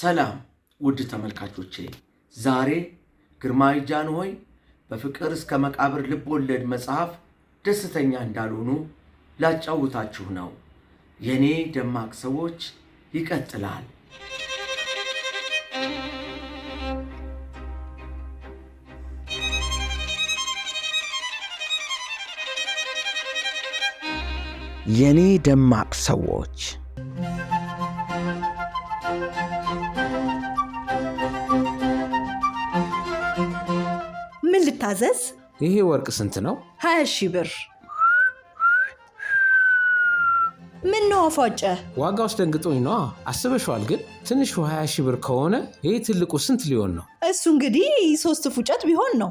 ሰላም ውድ ተመልካቾቼ፣ ዛሬ ግርማዊ ጃንሆይ በፍቅር እስከ መቃብር ልብ ወለድ መጽሐፍ ደስተኛ እንዳልሆኑ ላጫውታችሁ ነው። የኔ ደማቅ ሰዎች ይቀጥላል። የኔ ደማቅ ሰዎች ልታዘዝ። ይሄ ወርቅ ስንት ነው? ሀያ ሺ ብር። ምን ነው አፏጨ? ውስጥ ደንግጦኝ ነዋ። አስበሽዋል? ግን ትንሹ ሀያ ሺ ብር ከሆነ ይህ ትልቁ ስንት ሊሆን ነው? እሱ እንግዲህ ሶስት ፉጨት ቢሆን ነው።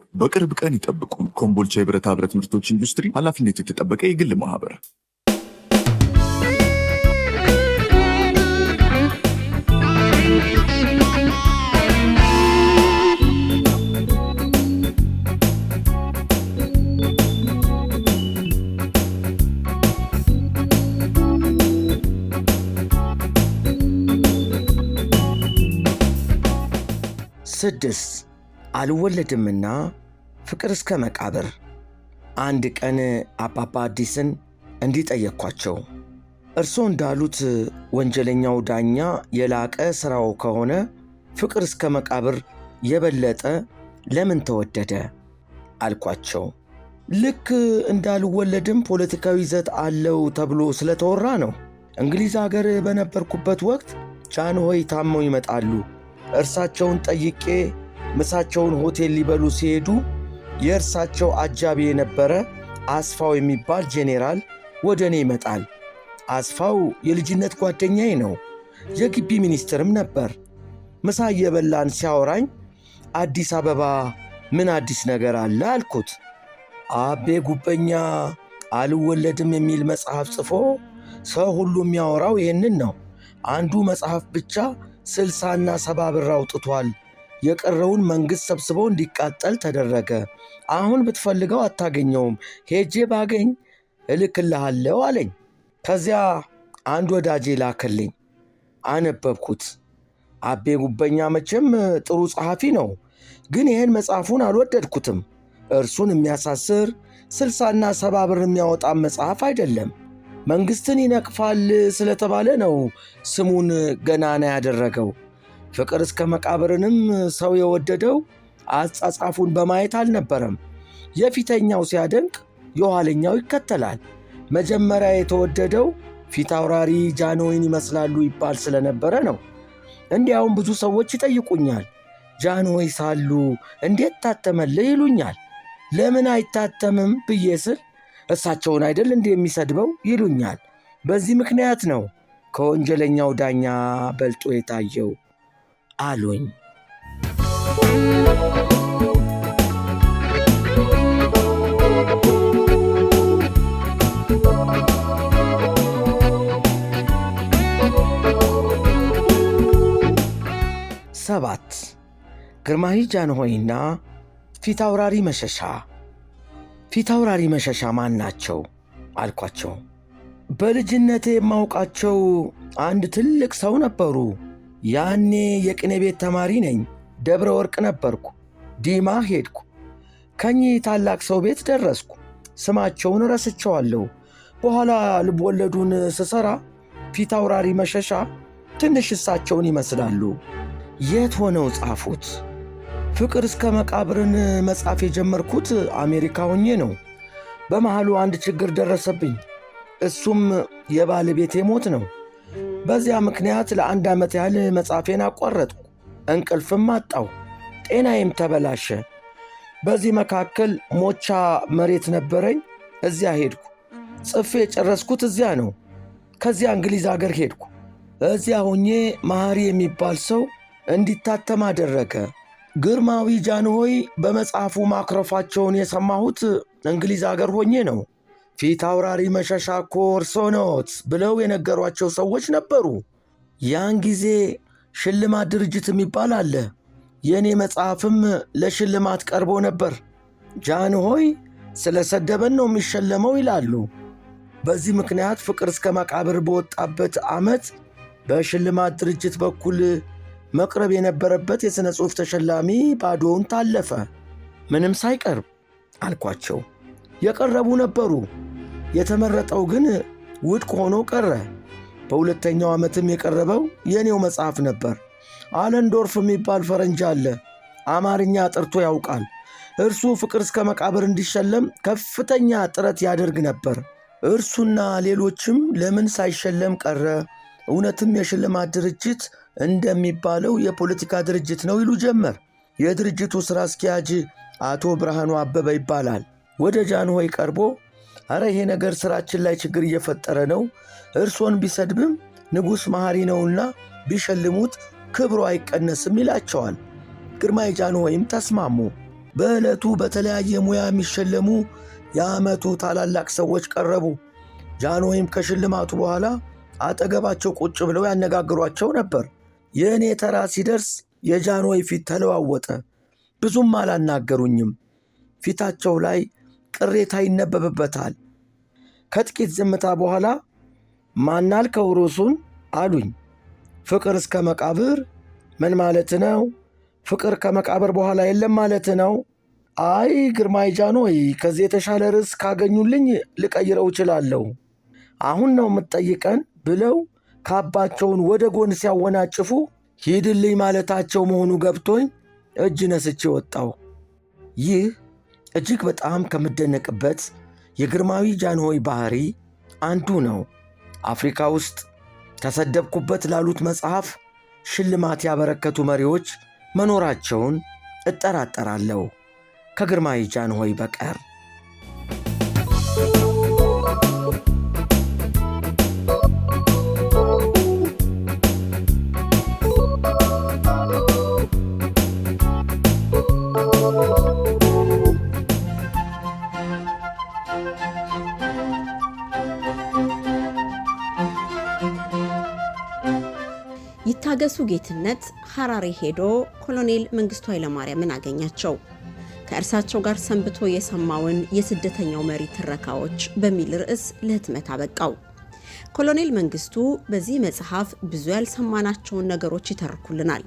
ቢኖር በቅርብ ቀን ይጠብቁ። ኮምቦልቻ የብረታ ብረት ምርቶች ኢንዱስትሪ ኃላፊነቱ የተጠበቀ የግል ማህበር ስድስት አልወለድምና ፍቅር እስከ መቃብር። አንድ ቀን አባባ አዲስን እንዲህ ጠየቅኳቸው። እንዳሉት ወንጀለኛው ዳኛ የላቀ ሥራው ከሆነ ፍቅር እስከ መቃብር የበለጠ ለምን ተወደደ? አልኳቸው። ልክ እንዳልወለድም ፖለቲካዊ ይዘት አለው ተብሎ ስለተወራ ነው። እንግሊዝ አገር በነበርኩበት ወቅት ጃንሆይ ታመው ይመጣሉ። እርሳቸውን ጠይቄ ምሳቸውን ሆቴል ሊበሉ ሲሄዱ የእርሳቸው አጃቢ የነበረ አስፋው የሚባል ጄኔራል ወደ እኔ ይመጣል። አስፋው የልጅነት ጓደኛዬ ነው። የግቢ ሚኒስትርም ነበር። ምሳ እየበላን ሲያወራኝ አዲስ አበባ ምን አዲስ ነገር አለ አልኩት። አቤ ጉበኛ አልወለድም የሚል መጽሐፍ ጽፎ ሰው ሁሉ የሚያወራው ይህንን ነው። አንዱ መጽሐፍ ብቻ ስልሳና ሰባ ብር አውጥቷል የቀረውን መንግሥት ሰብስበው እንዲቃጠል ተደረገ። አሁን ብትፈልገው አታገኘውም፣ ሄጄ ባገኝ እልክልሃለሁ አለኝ። ከዚያ አንድ ወዳጄ ላከልኝ፣ አነበብኩት። አቤ ጉበኛ መቼም ጥሩ ጸሐፊ ነው፣ ግን ይህን መጽሐፉን አልወደድኩትም። እርሱን የሚያሳስር ስልሳና ሰባ ብር የሚያወጣ መጽሐፍ አይደለም። መንግሥትን ይነቅፋል ስለተባለ ነው ስሙን ገናና ያደረገው። ፍቅር እስከ መቃብርንም ሰው የወደደው አጻጻፉን በማየት አልነበረም። የፊተኛው ሲያደንቅ የኋለኛው ይከተላል። መጀመሪያ የተወደደው ፊት አውራሪ ጃንሆይን ይመስላሉ ይባል ስለነበረ ነው። እንዲያውም ብዙ ሰዎች ይጠይቁኛል። ጃንሆይ ሳሉ እንዴት ታተመልህ ይሉኛል። ለምን አይታተምም ብዬ ስል እሳቸውን አይደል እንዴ የሚሰድበው ይሉኛል። በዚህ ምክንያት ነው ከወንጀለኛው ዳኛ በልጦ የታየው። አሉኝ። ሰባት ግርማዊ ጃንሆይና አውራሪ መሸሻ። ፊት አውራሪ መሸሻ ማን ናቸው አልኳቸው። በልጅነቴ የማውቃቸው አንድ ትልቅ ሰው ነበሩ። ያኔ የቅኔ ቤት ተማሪ ነኝ። ደብረ ወርቅ ነበርኩ። ዲማ ሄድኩ። ከኚህ ታላቅ ሰው ቤት ደረስኩ። ስማቸውን ረስቸዋለሁ። በኋላ ልብወለዱን ስሰራ ፊት አውራሪ መሸሻ ትንሽ እሳቸውን ይመስላሉ። የት ሆነው ጻፉት? ፍቅር እስከ መቃብርን መጻፍ የጀመርኩት አሜሪካ ሆኜ ነው። በመሃሉ አንድ ችግር ደረሰብኝ። እሱም የባለቤቴ ሞት ነው። በዚያ ምክንያት ለአንድ ዓመት ያህል መጻፌን አቋረጥኩ። እንቅልፍም አጣው ጤናዬም ተበላሸ። በዚህ መካከል ሞቻ መሬት ነበረኝ። እዚያ ሄድኩ። ጽፌ የጨረስኩት እዚያ ነው። ከዚያ እንግሊዝ አገር ሄድኩ። እዚያ ሆኜ መሐሪ የሚባል ሰው እንዲታተም አደረገ። ግርማዊ ጃንሆይ በመጽሐፉ ማክረፋቸውን የሰማሁት እንግሊዝ አገር ሆኜ ነው። ፊት አውራሪ መሸሻ እኮ እርሶ ብለው የነገሯቸው ሰዎች ነበሩ። ያን ጊዜ ሽልማት ድርጅት የሚባል አለ። የእኔ መጽሐፍም ለሽልማት ቀርቦ ነበር። ጃንሆይ ስለ ሰደበን ነው የሚሸለመው ይላሉ። በዚህ ምክንያት ፍቅር እስከ መቃብር በወጣበት ዓመት በሽልማት ድርጅት በኩል መቅረብ የነበረበት የሥነ ጽሑፍ ተሸላሚ ባዶውን ታለፈ፣ ምንም ሳይቀርብ አልኳቸው። የቀረቡ ነበሩ። የተመረጠው ግን ውድቅ ሆኖ ቀረ። በሁለተኛው ዓመትም የቀረበው የእኔው መጽሐፍ ነበር። አለንዶርፍ የሚባል ፈረንጅ አለ። አማርኛ አጥርቶ ያውቃል። እርሱ ፍቅር እስከ መቃብር እንዲሸለም ከፍተኛ ጥረት ያደርግ ነበር። እርሱና ሌሎችም ለምን ሳይሸለም ቀረ? እውነትም የሽልማት ድርጅት እንደሚባለው የፖለቲካ ድርጅት ነው ይሉ ጀመር። የድርጅቱ ሥራ አስኪያጅ አቶ ብርሃኑ አበበ ይባላል። ወደ ጃንሆይ ቀርቦ አረ ይሄ ነገር ስራችን ላይ ችግር እየፈጠረ ነው፣ እርሶን ቢሰድብም ንጉሥ መሐሪ ነውና ቢሸልሙት ክብሩ አይቀነስም ይላቸዋል። ግርማ ጃኖ ወይም ተስማሙ። በዕለቱ በተለያየ ሙያ የሚሸለሙ የዓመቱ ታላላቅ ሰዎች ቀረቡ። ጃን ወይም ከሽልማቱ በኋላ አጠገባቸው ቁጭ ብለው ያነጋግሯቸው ነበር። የእኔ ተራ ሲደርስ ወይ ፊት ተለዋወጠ። ብዙም አላናገሩኝም። ፊታቸው ላይ ቅሬታ ይነበብበታል። ከጥቂት ዝምታ በኋላ ማናልከው ርዕሱን አሉኝ። ፍቅር እስከ መቃብር ምን ማለት ነው? ፍቅር ከመቃብር በኋላ የለም ማለት ነው? አይ ግርማይ ጃኖይ፣ ከዚህ የተሻለ ርዕስ ካገኙልኝ ልቀይረው እችላለሁ። አሁን ነው የምትጠይቀን ብለው ካባቸውን ወደ ጎን ሲያወናጭፉ ሂድልኝ ማለታቸው መሆኑ ገብቶኝ እጅ ነስቼ ወጣው? ይህ እጅግ በጣም ከምደነቅበት የግርማዊ ጃንሆይ ባህሪ አንዱ ነው። አፍሪካ ውስጥ ተሰደብኩበት ላሉት መጽሐፍ ሽልማት ያበረከቱ መሪዎች መኖራቸውን እጠራጠራለሁ ከግርማዊ ጃንሆይ በቀር። በእሱ ጌትነት ሐራሬ ሄዶ ኮሎኔል መንግስቱ ኃይለማርያምን አገኛቸው። ከእርሳቸው ጋር ሰንብቶ የሰማውን የስደተኛው መሪ ትረካዎች በሚል ርዕስ ለህትመት አበቃው። ኮሎኔል መንግስቱ በዚህ መጽሐፍ ብዙ ያልሰማናቸውን ነገሮች ይተርኩልናል።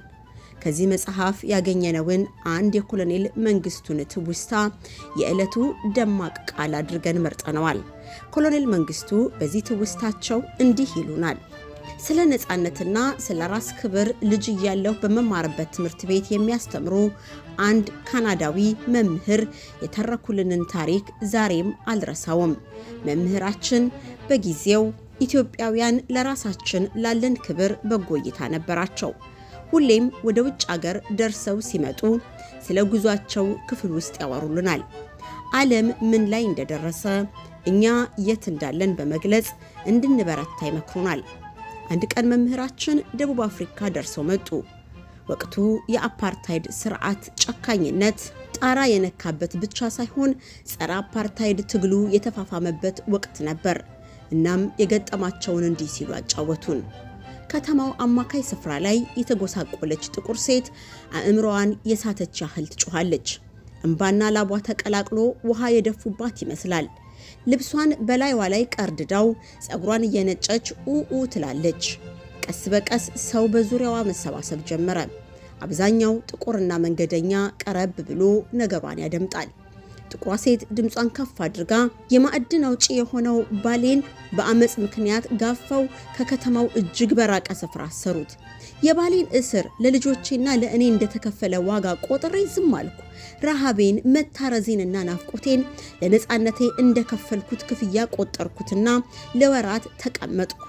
ከዚህ መጽሐፍ ያገኘነውን አንድ የኮሎኔል መንግስቱን ትውስታ የዕለቱ ደማቅ ቃል አድርገን መርጠነዋል። ኮሎኔል መንግስቱ በዚህ ትውስታቸው እንዲህ ይሉናል። ስለ ነፃነትና ስለ ራስ ክብር ልጅ እያለሁ በመማርበት ትምህርት ቤት የሚያስተምሩ አንድ ካናዳዊ መምህር የተረኩልንን ታሪክ ዛሬም አልረሳውም። መምህራችን በጊዜው ኢትዮጵያውያን ለራሳችን ላለን ክብር በጎ እይታ ነበራቸው። ሁሌም ወደ ውጭ አገር ደርሰው ሲመጡ ስለ ጉዟቸው ክፍል ውስጥ ያወሩልናል። ዓለም ምን ላይ እንደደረሰ፣ እኛ የት እንዳለን በመግለጽ እንድንበረታ ይመክሩናል። አንድ ቀን መምህራችን ደቡብ አፍሪካ ደርሰው መጡ። ወቅቱ የአፓርታይድ ስርዓት ጨካኝነት ጣራ የነካበት ብቻ ሳይሆን ጸረ አፓርታይድ ትግሉ የተፋፋመበት ወቅት ነበር። እናም የገጠማቸውን እንዲህ ሲሉ አጫወቱን። ከተማው አማካይ ስፍራ ላይ የተጎሳቆለች ጥቁር ሴት አእምሮዋን የሳተች ያህል ትጮኋለች። እምባና ላቧ ተቀላቅሎ ውሃ የደፉባት ይመስላል። ልብሷን በላይዋ ላይ ቀርድዳው ጸጉሯን እየነጨች ኡኡ ትላለች። ቀስ በቀስ ሰው በዙሪያዋ መሰባሰብ ጀመረ። አብዛኛው ጥቁርና መንገደኛ ቀረብ ብሎ ነገሯን ያደምጣል። ጥቁሯ ሴት ድምጿን ከፍ አድርጋ የማዕድን አውጪ የሆነው ባሌን በአመፅ ምክንያት ጋፋው ከከተማው እጅግ በራቀ ስፍራ አሰሩት። የባሌን እስር ለልጆቼና ለእኔ እንደተከፈለ ዋጋ ቆጥሬ ዝም አልኩ። ረሃቤን፣ መታረዜንና ናፍቆቴን ለነፃነቴ እንደከፈልኩት ክፍያ ቆጠርኩትና ለወራት ተቀመጥኩ።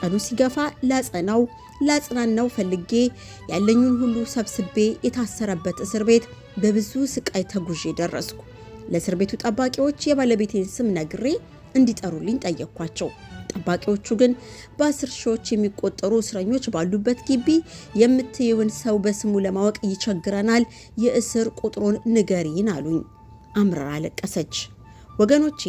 ቀኑ ሲገፋ ላጸናው ላጽናናው ፈልጌ ያለኝን ሁሉ ሰብስቤ የታሰረበት እስር ቤት በብዙ ስቃይ ተጉዤ ደረስኩ። ለእስር ቤቱ ጠባቂዎች የባለቤቴን ስም ነግሬ እንዲጠሩልኝ ጠየቅኳቸው። ጠባቂዎቹ ግን በአስር ሺዎች የሚቆጠሩ እስረኞች ባሉበት ግቢ የምትየውን ሰው በስሙ ለማወቅ ይቸግረናል፣ የእስር ቁጥሩን ንገሪን አሉኝ። አምርራ አለቀሰች። ወገኖቼ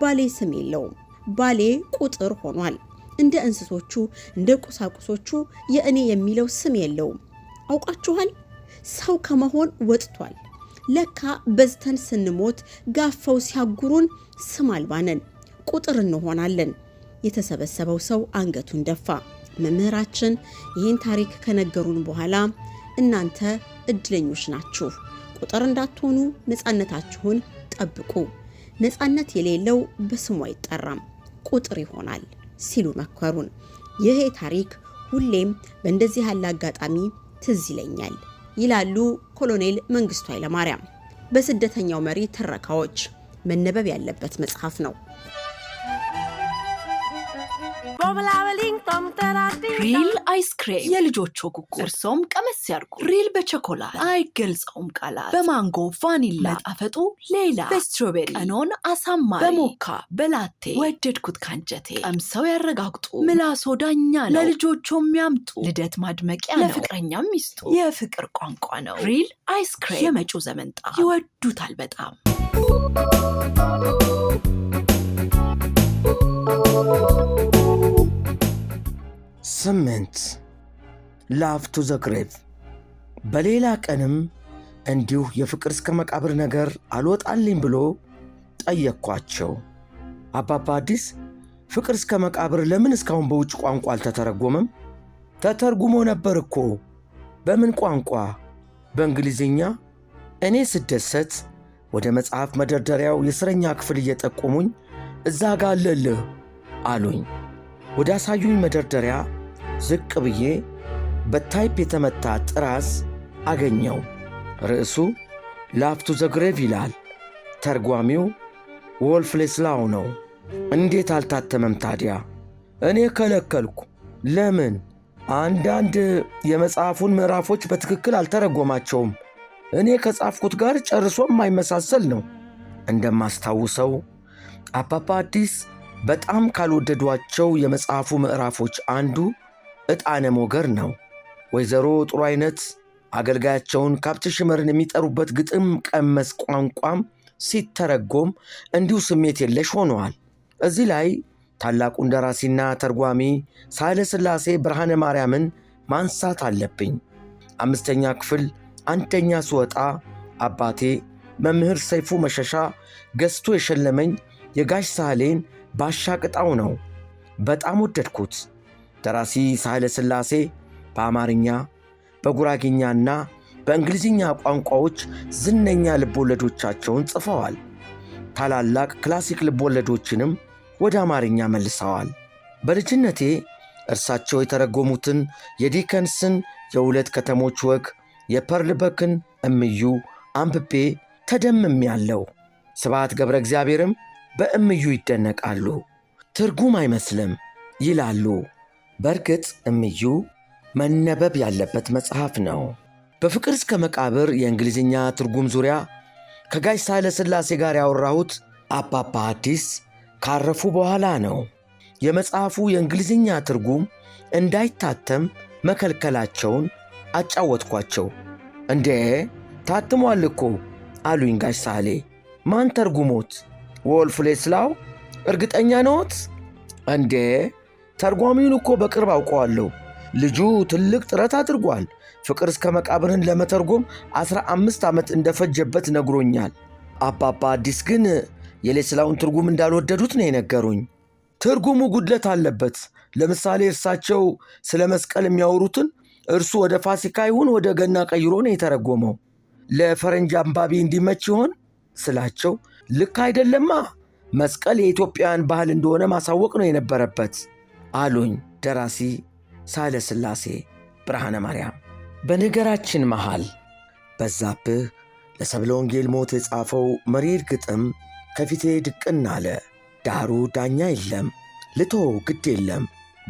ባሌ ስም የለውም። ባሌ ቁጥር ሆኗል። እንደ እንስሶቹ እንደ ቁሳቁሶቹ የእኔ የሚለው ስም የለውም። አውቃችኋል፣ ሰው ከመሆን ወጥቷል። ለካ በዝተን ስንሞት ጋፈው ሲያጉሩን ስም አልባነን ቁጥር እንሆናለን። የተሰበሰበው ሰው አንገቱን ደፋ። መምህራችን ይህን ታሪክ ከነገሩን በኋላ እናንተ እድለኞች ናችሁ፣ ቁጥር እንዳትሆኑ ነፃነታችሁን ጠብቁ፣ ነፃነት የሌለው በስሙ አይጠራም፣ ቁጥር ይሆናል ሲሉ መከሩን። ይሄ ታሪክ ሁሌም በእንደዚህ ያለ አጋጣሚ ትዝ ይለኛል ይላሉ ኮሎኔል መንግስቱ ኃይለማርያም። በስደተኛው መሪ ትረካዎች መነበብ ያለበት መጽሐፍ ነው። ሪል አይስክሬም የልጆቹ ኩኩ እርሶም ቀመስ ያርጉ። ሪል በቸኮላት አይገልጸውም ቃላት። በማንጎ ቫኒላ ጣፈጡ ሌላ፣ በስትሮቤሪ ቀኖን አሳማሪ፣ በሞካ በላቴ ወደድኩት ካንጀቴ። ቀምሰው ያረጋግጡ ምላሶ ዳኛ ነው። ለልጆቹ የሚያምጡ ልደት ማድመቂያ ነው። ለፍቅረኛ ሚስቱ የፍቅር ቋንቋ ነው። ሪል አይስክሬም የመጪው ዘመንጣ ይወዱታል በጣም። ስምንት ላቭ ቱ ዘ ግሬቭ በሌላ ቀንም እንዲሁ የፍቅር እስከ መቃብር ነገር አልወጣልኝ ብሎ ጠየቅኳቸው። አባባ አዲስ ፍቅር እስከ መቃብር ለምን እስካሁን በውጭ ቋንቋ አልተተረጎመም? ተተርጉሞ ነበር እኮ። በምን ቋንቋ? በእንግሊዝኛ። እኔ ስደሰት ወደ መጽሐፍ መደርደሪያው የእስረኛ ክፍል እየጠቆሙኝ እዛ ጋ አለልህ አሉኝ። ወደ አሳዩኝ መደርደሪያ ዝቅ ብዬ በታይፕ የተመታ ጥራዝ አገኘው። ርዕሱ ላፍቱ ዘግሬቭ ይላል። ተርጓሚው ወልፍ ሌስላው ነው። እንዴት አልታተመም ታዲያ? እኔ ከለከልኩ። ለምን? አንዳንድ የመጽሐፉን ምዕራፎች በትክክል አልተረጎማቸውም። እኔ ከጻፍኩት ጋር ጨርሶ የማይመሳሰል ነው። እንደማስታውሰው አፓፓ አዲስ በጣም ካልወደዷቸው የመጽሐፉ ምዕራፎች አንዱ ዕጣነ ሞገር ነው። ወይዘሮ ጥሩ አይነት አገልጋያቸውን ከብት ሽመርን የሚጠሩበት ግጥም ቀመስ ቋንቋም ሲተረጎም እንዲሁ ስሜት የለሽ ሆነዋል። እዚህ ላይ ታላቁ ደራሲና ተርጓሚ ሳህለ ሥላሴ ብርሃነ ማርያምን ማንሳት አለብኝ። አምስተኛ ክፍል አንደኛ ስወጣ አባቴ መምህር ሰይፉ መሸሻ ገዝቶ የሸለመኝ የጋሽ ሳህሌን ባሻ ቅጣው ነው። በጣም ወደድኩት። ደራሲ ሳህለ ሥላሴ በአማርኛ በጉራጌኛና በእንግሊዝኛ ቋንቋዎች ዝነኛ ልቦወለዶቻቸውን ጽፈዋል። ታላላቅ ክላሲክ ልቦወለዶችንም ወደ አማርኛ መልሰዋል። በልጅነቴ እርሳቸው የተረጎሙትን የዲከንስን የሁለት ከተሞች ወግ፣ የፐርልበክን እምዩ አንብቤ ተደምም ያለው ስብዓት ገብረ እግዚአብሔርም በእምዩ ይደነቃሉ። ትርጉም አይመስልም ይላሉ። በእርግጥ እምዩ መነበብ ያለበት መጽሐፍ ነው። በፍቅር እስከ መቃብር የእንግሊዝኛ ትርጉም ዙሪያ ከጋሽ ሳህለ ሥላሴ ጋር ያወራሁት አባባ አዲስ ካረፉ በኋላ ነው። የመጽሐፉ የእንግሊዝኛ ትርጉም እንዳይታተም መከልከላቸውን አጫወትኳቸው። እንዴ ታትሟል እኮ አሉኝ ጋሽ ሳህሌ። ማን ተርጉሞት? ወልፍሌ ስላው እርግጠኛ ነዎት? እንዴ ተርጓሚውን እኮ በቅርብ አውቀዋለሁ። ልጁ ትልቅ ጥረት አድርጓል። ፍቅር እስከ መቃብርን ለመተርጎም አስራ አምስት ዓመት እንደፈጀበት ነግሮኛል። አባባ አዲስ ግን የሌስላውን ትርጉም እንዳልወደዱት ነው የነገሩኝ። ትርጉሙ ጉድለት አለበት። ለምሳሌ እርሳቸው ስለ መስቀል የሚያወሩትን እርሱ ወደ ፋሲካ ይሁን ወደ ገና ቀይሮ ነው የተረጎመው። ለፈረንጅ አንባቢ እንዲመች ይሆን ስላቸው፣ ልክ አይደለማ መስቀል የኢትዮጵያውያን ባህል እንደሆነ ማሳወቅ ነው የነበረበት። አሉኝ ደራሲ ሳህለ ሥላሴ ብርሃነ ማርያም። በነገራችን መሃል በዛብህ ለሰብለ ወንጌል ሞት የጻፈው መሪር ግጥም ከፊቴ ድቅን አለ። ዳሩ ዳኛ የለም ልቶ ግድ የለም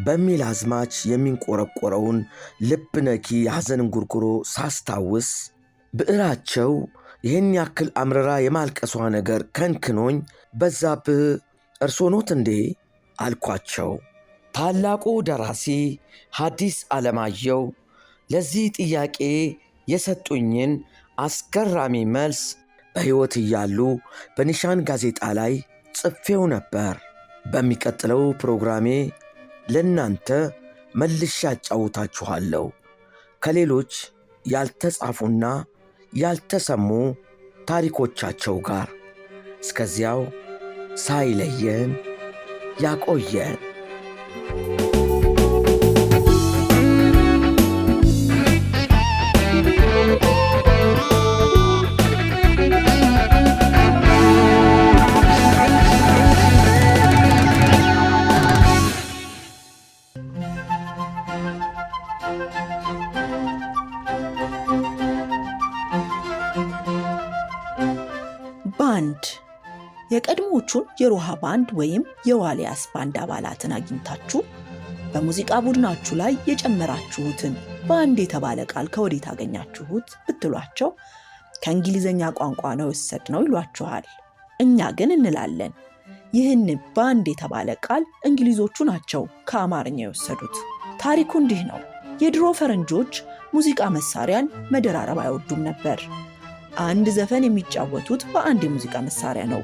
በሚል አዝማች የሚንቆረቆረውን ልብ ነኪ የሐዘን እንጉርጉሮ ሳስታውስ ብዕራቸው ይህን ያክል አምረራ የማልቀሷ ነገር ከንክኖኝ፣ በዛብህ እርሶ ኖት እንዴ አልኳቸው። ታላቁ ደራሲ ሐዲስ ዓለማየሁ ለዚህ ጥያቄ የሰጡኝን አስገራሚ መልስ በሕይወት እያሉ በኒሻን ጋዜጣ ላይ ጽፌው ነበር። በሚቀጥለው ፕሮግራሜ ለእናንተ መልሼ አጫውታችኋለሁ። ከሌሎች ያልተጻፉና ያልተሰሙ ታሪኮቻቸው ጋር እስከዚያው ሳይለየን ያቆየን። you የቀድሞዎቹን የሮሃ ባንድ ወይም የዋልያስ ባንድ አባላትን አግኝታችሁ በሙዚቃ ቡድናችሁ ላይ የጨመራችሁትን ባንድ የተባለ ቃል ከወዴት አገኛችሁት ብትሏቸው ከእንግሊዝኛ ቋንቋ ነው ነው ይሏችኋል። እኛ ግን እንላለን ይህን ባንድ የተባለ ቃል እንግሊዞቹ ናቸው ከአማርኛ የወሰዱት። ታሪኩ እንዲህ ነው። የድሮ ፈረንጆች ሙዚቃ መሳሪያን መደራረብ አይወዱም ነበር። አንድ ዘፈን የሚጫወቱት በአንድ የሙዚቃ መሳሪያ ነው።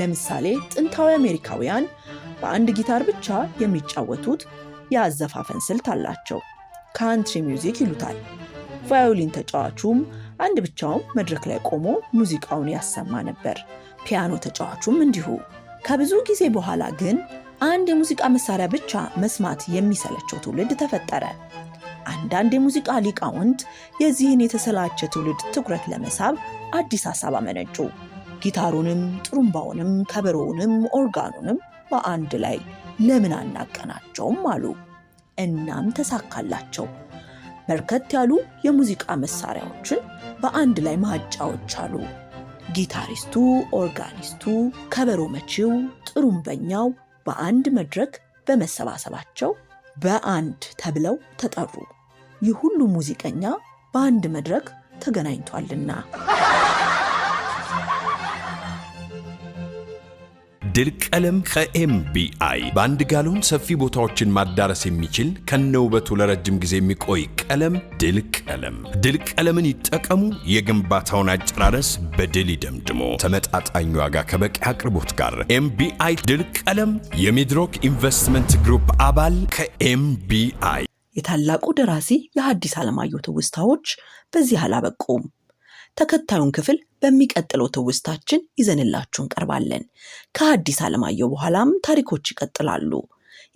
ለምሳሌ ጥንታዊ አሜሪካውያን በአንድ ጊታር ብቻ የሚጫወቱት የአዘፋፈን ስልት አላቸው። ካንትሪ ሚውዚክ ይሉታል። ቫዮሊን ተጫዋቹም አንድ ብቻውን መድረክ ላይ ቆሞ ሙዚቃውን ያሰማ ነበር። ፒያኖ ተጫዋቹም እንዲሁ። ከብዙ ጊዜ በኋላ ግን አንድ የሙዚቃ መሳሪያ ብቻ መስማት የሚሰለቸው ትውልድ ተፈጠረ። አንዳንድ የሙዚቃ ሊቃውንት የዚህን የተሰላቸ ትውልድ ትኩረት ለመሳብ አዲስ ሀሳብ አመነጩ። ጊታሩንም ጥሩምባውንም ከበሮውንም ኦርጋኑንም በአንድ ላይ ለምን አናቀናቸውም አሉ። እናም ተሳካላቸው። በርከት ያሉ የሙዚቃ መሳሪያዎችን በአንድ ላይ ማጫዎች አሉ። ጊታሪስቱ፣ ኦርጋኒስቱ፣ ከበሮ መቺው፣ ጥሩምበኛው በአንድ መድረክ በመሰባሰባቸው በአንድ ተብለው ተጠሩ። ይህ ሁሉ ሙዚቀኛ በአንድ መድረክ ተገናኝቷልና ድል ቀለም ከኤምቢአይ በአንድ ጋሎን ሰፊ ቦታዎችን ማዳረስ የሚችል ከነውበቱ ለረጅም ጊዜ የሚቆይ ቀለም ድል ቀለም። ድል ቀለምን ይጠቀሙ። የግንባታውን አጨራረስ በድል ይደምድሞ። ተመጣጣኝ ዋጋ ከበቂ አቅርቦት ጋር ኤምቢአይ ድል ቀለም የሚድሮክ ኢንቨስትመንት ግሩፕ አባል ከኤምቢአይ። የታላቁ ደራሲ የሐዲስ ዓለማየሁ ትውስታዎች በዚህ አላበቁም። ተከታዩን ክፍል በሚቀጥለው ትውስታችን ይዘንላችሁ እንቀርባለን። ከሐዲስ ዓለማየሁ በኋላም ታሪኮች ይቀጥላሉ።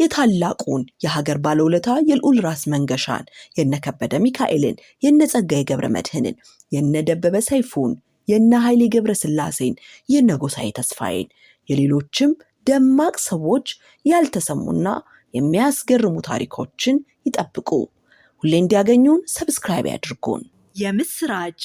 የታላቁን የሀገር ባለውለታ የልዑል ራስ መንገሻን፣ የነከበደ ሚካኤልን፣ የነጸጋዬ ገብረ መድህንን፣ የነደበበ ሰይፉን፣ የነ ኃይሌ ገብረ ሥላሴን፣ የነጎሳዬ ተስፋዬን፣ የሌሎችም ደማቅ ሰዎች ያልተሰሙና የሚያስገርሙ ታሪኮችን ይጠብቁ። ሁሌ እንዲያገኙን ሰብስክራይብ ያድርጉን። የምስራች